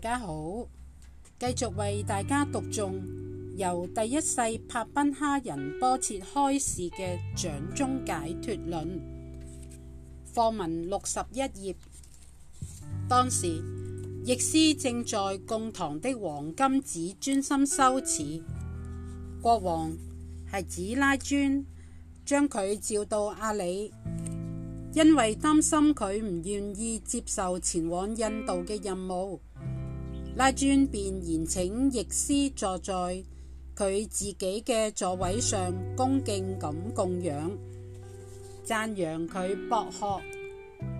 大家好，繼續為大家讀誦由第一世帕賓哈仁波切開示嘅《掌中解脫論》課文六十一頁。當時，譯師正在貢堂的黃金寺專心修持，國王係指拉尊將佢召到阿里，因為擔心佢唔願意接受前往印度嘅任務。拉尊便言請譯師坐在佢自己嘅座位上，恭敬咁供養，讚揚佢博學、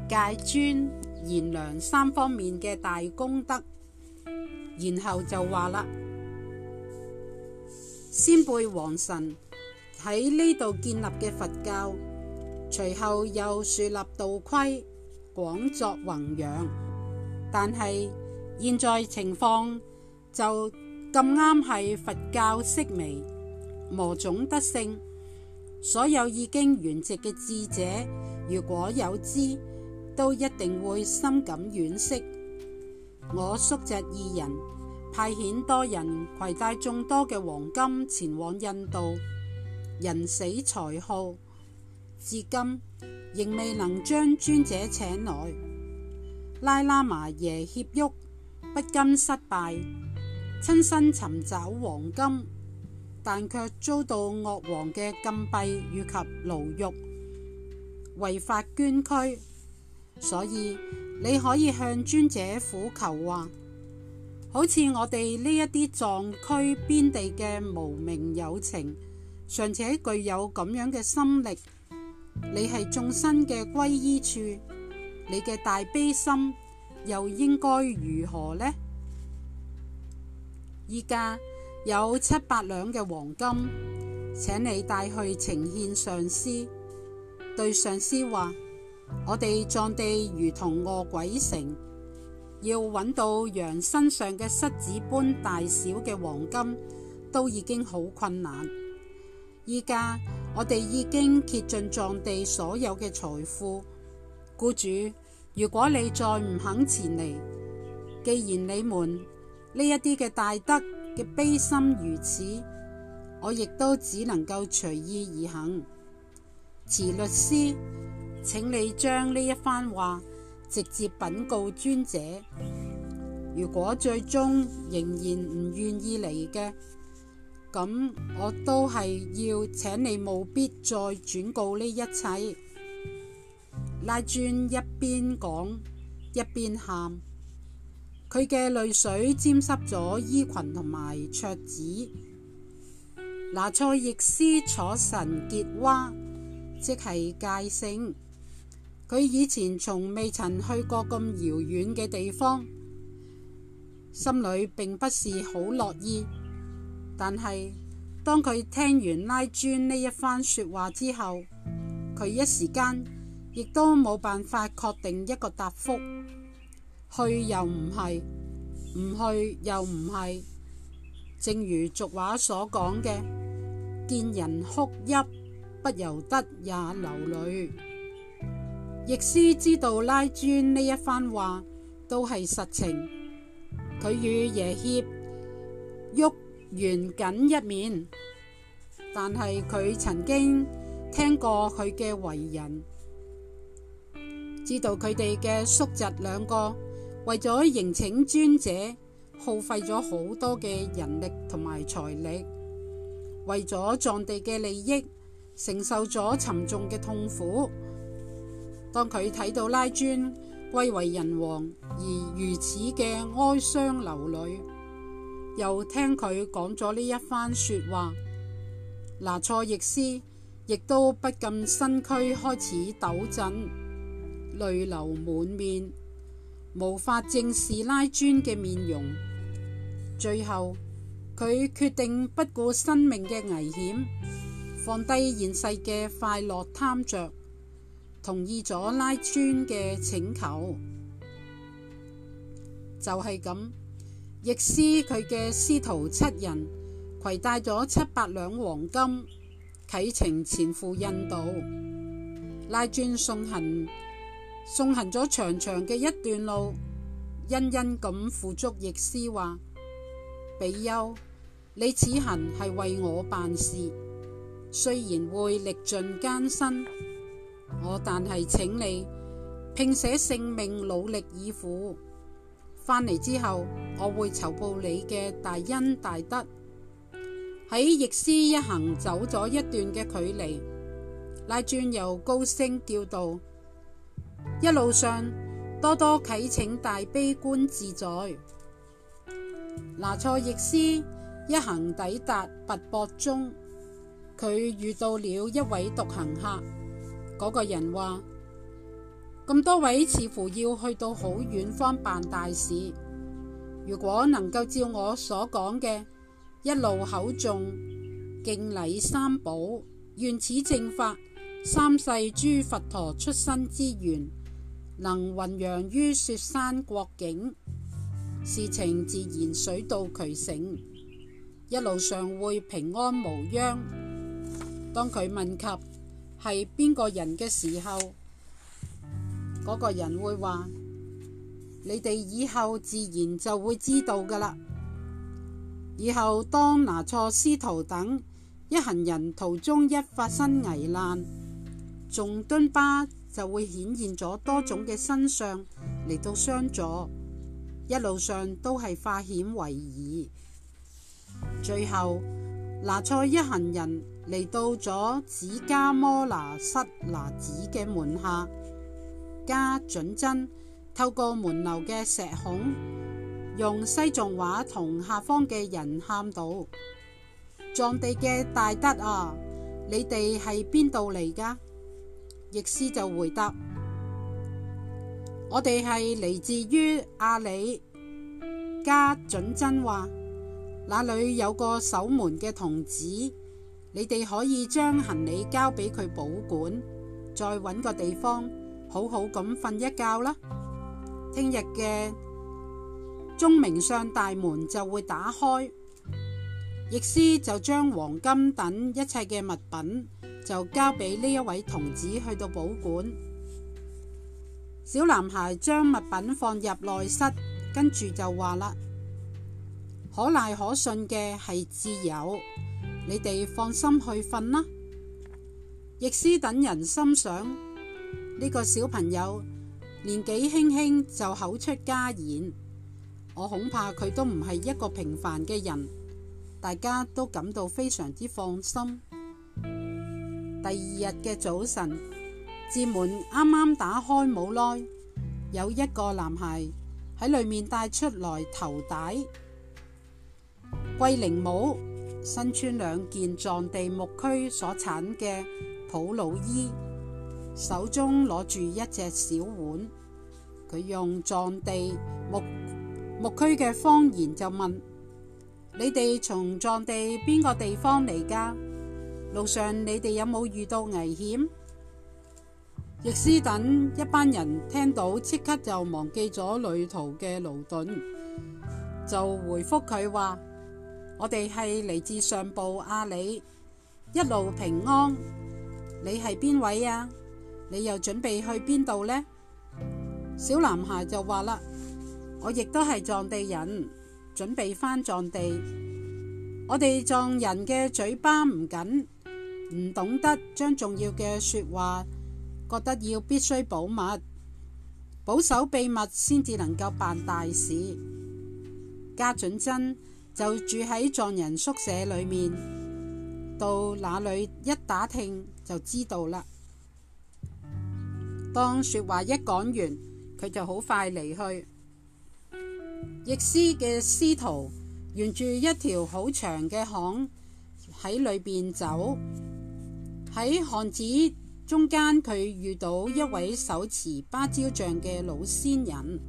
戒尊、賢良三方面嘅大功德，然後就話啦：先輩皇神喺呢度建立嘅佛教，隨後又樹立道規，廣作弘揚，但係，現在情況就咁啱係佛教式微，魔種得勝，所有已經圓寂嘅智者，如果有知，都一定會深感惋惜。我叔侄二人派遣多人攜帶眾多嘅黃金前往印度，人死財耗，至今仍未能將尊者請來。拉喇嘛耶協郁。不甘失敗，親身尋找黃金，但卻遭到惡王嘅禁閉以及牢獄、違法捐軀。所以你可以向尊者苦求話，好似我哋呢一啲藏區邊地嘅無名有情，尚且具有咁樣嘅心力。你係眾生嘅歸依處，你嘅大悲心。又應該如何呢？依家有七八兩嘅黃金，請你帶去呈獻上司。對上司話：我哋藏地如同餓鬼城，要揾到羊身上嘅虱子般大小嘅黃金，都已經好困難。依家我哋已經竭盡藏地所有嘅財富，僱主。如果你再唔肯前嚟，既然你們呢一啲嘅大德嘅悲心如此，我亦都只能夠隨意而行。遲律師，請你將呢一番話直接稟告尊者。如果最終仍然唔願意嚟嘅，咁我都係要請你務必再轉告呢一切。拉尊一邊講一邊喊，佢嘅淚水沾濕咗衣裙同埋桌子。拿蔡易斯楚神杰蛙，即係界性。佢以前從未曾去過咁遙遠嘅地方，心裏並不是好樂意。但係當佢聽完拉尊呢一番說話之後，佢一時間，亦都冇辦法確定一個答覆，去又唔係，唔去又唔係，正如俗話所講嘅：見人哭泣，不由得也流淚。易師知道拉專呢一番話都係實情，佢與爺協鬱完緊一面，但係佢曾經聽過佢嘅為人。知道佢哋嘅叔侄兩個為咗迎請尊者，耗費咗好多嘅人力同埋財力，為咗藏地嘅利益，承受咗沉重嘅痛苦。當佢睇到拉尊歸為人王而如此嘅哀傷流淚，又聽佢講咗呢一番說話，拿錯易斯亦都不禁身軀開始抖震。淚流滿面，無法正視拉尊嘅面容。最後，佢決定不顧生命嘅危險，放低現世嘅快樂貪着，同意咗拉尊嘅請求。就係咁，譯師佢嘅師徒七人攜帶咗七百兩黃金啟程前赴印度，拉尊送行。送行咗長長嘅一段路，殷殷咁撫足思，易師話：比丘，你此行係為我辦事，雖然會歷盡艱辛，我但係請你拼寫性命，努力以赴。返嚟之後，我會酬報你嘅大恩大德。喺易師一行走咗一段嘅距離，拉轉又高聲叫道。一路上多多啟請大悲觀自在，拿錯易斯一行抵達跋博中，佢遇到了一位獨行客。嗰、那個人話：咁多位似乎要去到好遠方辦大事，如果能夠照我所講嘅一路口誦敬禮三寶，願此正法三世諸佛陀出身之緣。能雲揚於雪山國境，事情自然水到渠成，一路上會平安無恙。當佢問及係邊個人嘅時候，嗰、那個人會話：你哋以後自然就會知道噶啦。以後當拿錯師徒等一行人途中一發生危難，仲敦巴，就會顯現咗多種嘅身相嚟到相助，一路上都係化險為夷。最後，拿錯一行人嚟到咗止迦摩拿失拿子嘅門下，加準真透過門樓嘅石孔，用西藏話同下方嘅人喊道：藏地嘅大德啊，你哋係邊度嚟㗎？易斯就回答：我哋係嚟自於阿里家准真話，那裏有個守門嘅童子，你哋可以將行李交俾佢保管，再搵個地方好好咁瞓一覺啦。聽日嘅中明上大門就會打開。易斯就將黃金等一切嘅物品就交俾呢一位童子去到保管。小男孩將物品放入內室，跟住就話啦：可賴可信嘅係自由，你哋放心去瞓啦。易斯等人心想：呢、這個小朋友年紀輕輕就口出家言，我恐怕佢都唔係一個平凡嘅人。大家都感到非常之放心。第二日嘅早晨，哲門啱啱打開冇耐，有一個男孩喺裏面帶出來，頭戴、桂鈴帽，身穿兩件藏地牧區所產嘅普魯衣，手中攞住一隻小碗。佢用藏地牧牧區嘅方言就問。你哋從藏地邊個地方嚟㗎？路上你哋有冇遇到危險？易斯等一班人聽到，即刻就忘記咗旅途嘅勞頓，就回復佢話：我哋係嚟自上部阿里，一路平安。你係邊位啊？你又準備去邊度呢？」小男孩就話啦：我亦都係藏地人。準備翻藏地，我哋藏人嘅嘴巴唔緊，唔懂得將重要嘅說話覺得要必須保密，保守秘密先至能夠辦大事。加准真就住喺藏人宿舍裏面，到那裏一打聽就知道啦。當說話一講完，佢就好快離去。易師嘅師徒沿住一條好長嘅巷喺裏邊走，喺巷子中間佢遇到一位手持芭蕉杖嘅老仙人，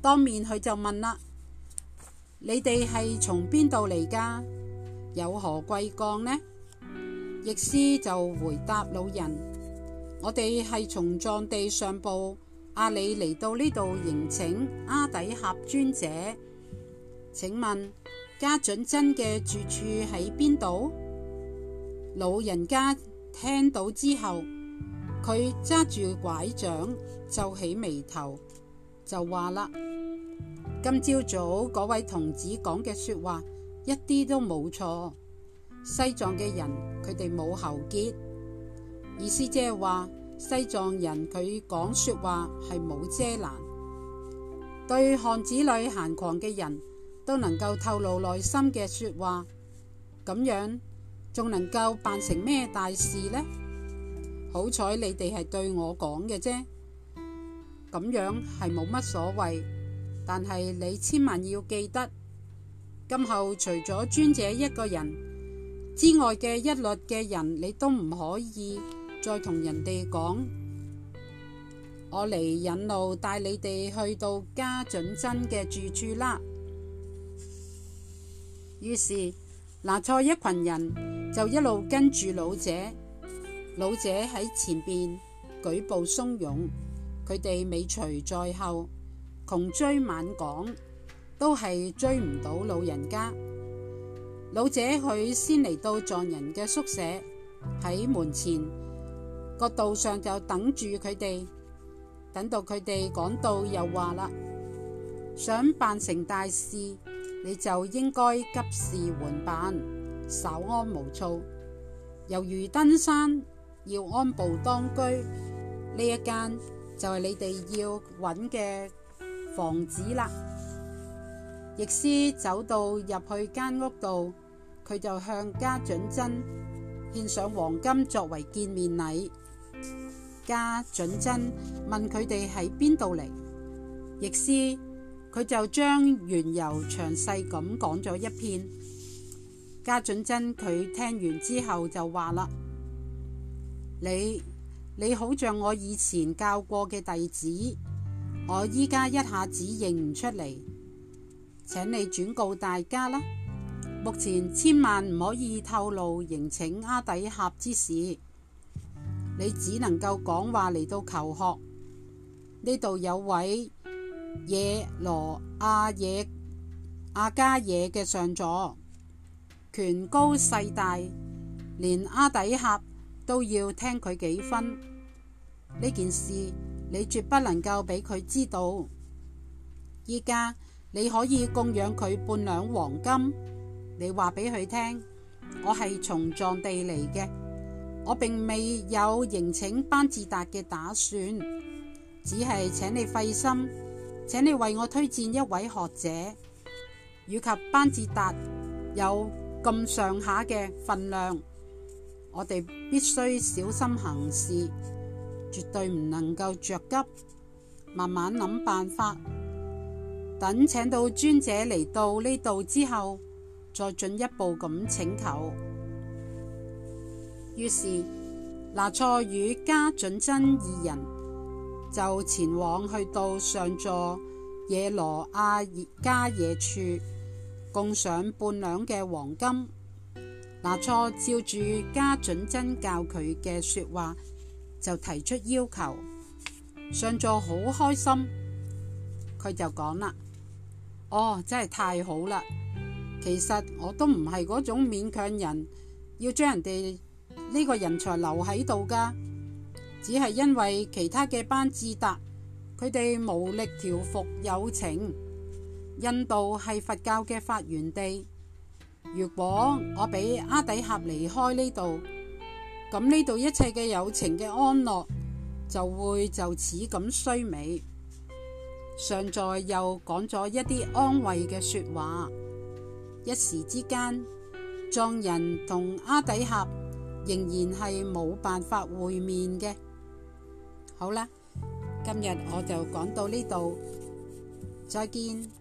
當面佢就問啦：你哋係從邊度嚟噶？有何貴幹呢？易師就回答老人：我哋係從藏地上步。阿里嚟到呢度迎請阿底峽尊者，請問家准真嘅住處喺邊度？老人家聽到之後，佢揸住拐杖皺起眉頭，就話啦：今朝早嗰位童子講嘅說話一啲都冇錯，西藏嘅人佢哋冇喉結，意思即係話。西藏人佢講說話係冇遮攔，對漢子女閒狂嘅人都能夠透露內心嘅說話，咁樣仲能夠辦成咩大事呢？好彩你哋係對我講嘅啫，咁樣係冇乜所謂。但係你千萬要記得，今後除咗尊者一個人之外嘅一律嘅人，你都唔可以。再同人哋講，我嚟引路，帶你哋去到家準真嘅住處啦。於是那錯一群人就一路跟住老者，老者喺前邊舉步鬆勇，佢哋尾隨在後，窮追猛趕，都係追唔到老人家。老者佢先嚟到藏人嘅宿舍，喺門前。個道上就等住佢哋，等到佢哋講到又話啦，想辦成大事，你就應該急事緩辦，稍安無躁。猶如登山要安步當居，呢一間就係你哋要揾嘅房子啦。易斯走到入去間屋度，佢就向家長真獻上黃金作為見面禮。加准真問佢哋喺邊度嚟，亦師佢就將原由詳細咁講咗一遍。加准真佢聽完之後就話啦，你你好像我以前教過嘅弟子，我依家一下子認唔出嚟，請你轉告大家啦。目前千萬唔可以透露迎請阿底俠之事。你只能夠講話，嚟到求學呢度有位耶羅阿耶阿迦耶嘅上座，權高勢大，連阿底峽都要聽佢幾分。呢件事你絕不能夠俾佢知道。依家你可以供養佢半兩黃金，你話俾佢聽，我係從藏地嚟嘅。我並未有迎請班智達嘅打算，只係請你費心，請你為我推薦一位學者，以及班智達有咁上下嘅份量。我哋必須小心行事，絕對唔能夠着急，慢慢諗辦法，等請到尊者嚟到呢度之後，再進一步咁請求。於是拿錯與加准真二人就前往去到上座耶羅阿加野處，共上半兩嘅黃金。拿錯照住加准真教佢嘅說話，就提出要求。上座好開心，佢就講啦：哦、oh，真係太好啦！其實我都唔係嗰種勉強人要將人哋。呢個人才留喺度㗎，只係因為其他嘅班智達佢哋無力調伏有情。印度係佛教嘅發源地，如果我俾阿底峽離開呢度，咁呢度一切嘅有情嘅安樂就會就此咁衰微。上座又講咗一啲安慰嘅説話，一時之間，藏人同阿底峽。仍然係冇辦法會面嘅。好啦，今日我就講到呢度，再見。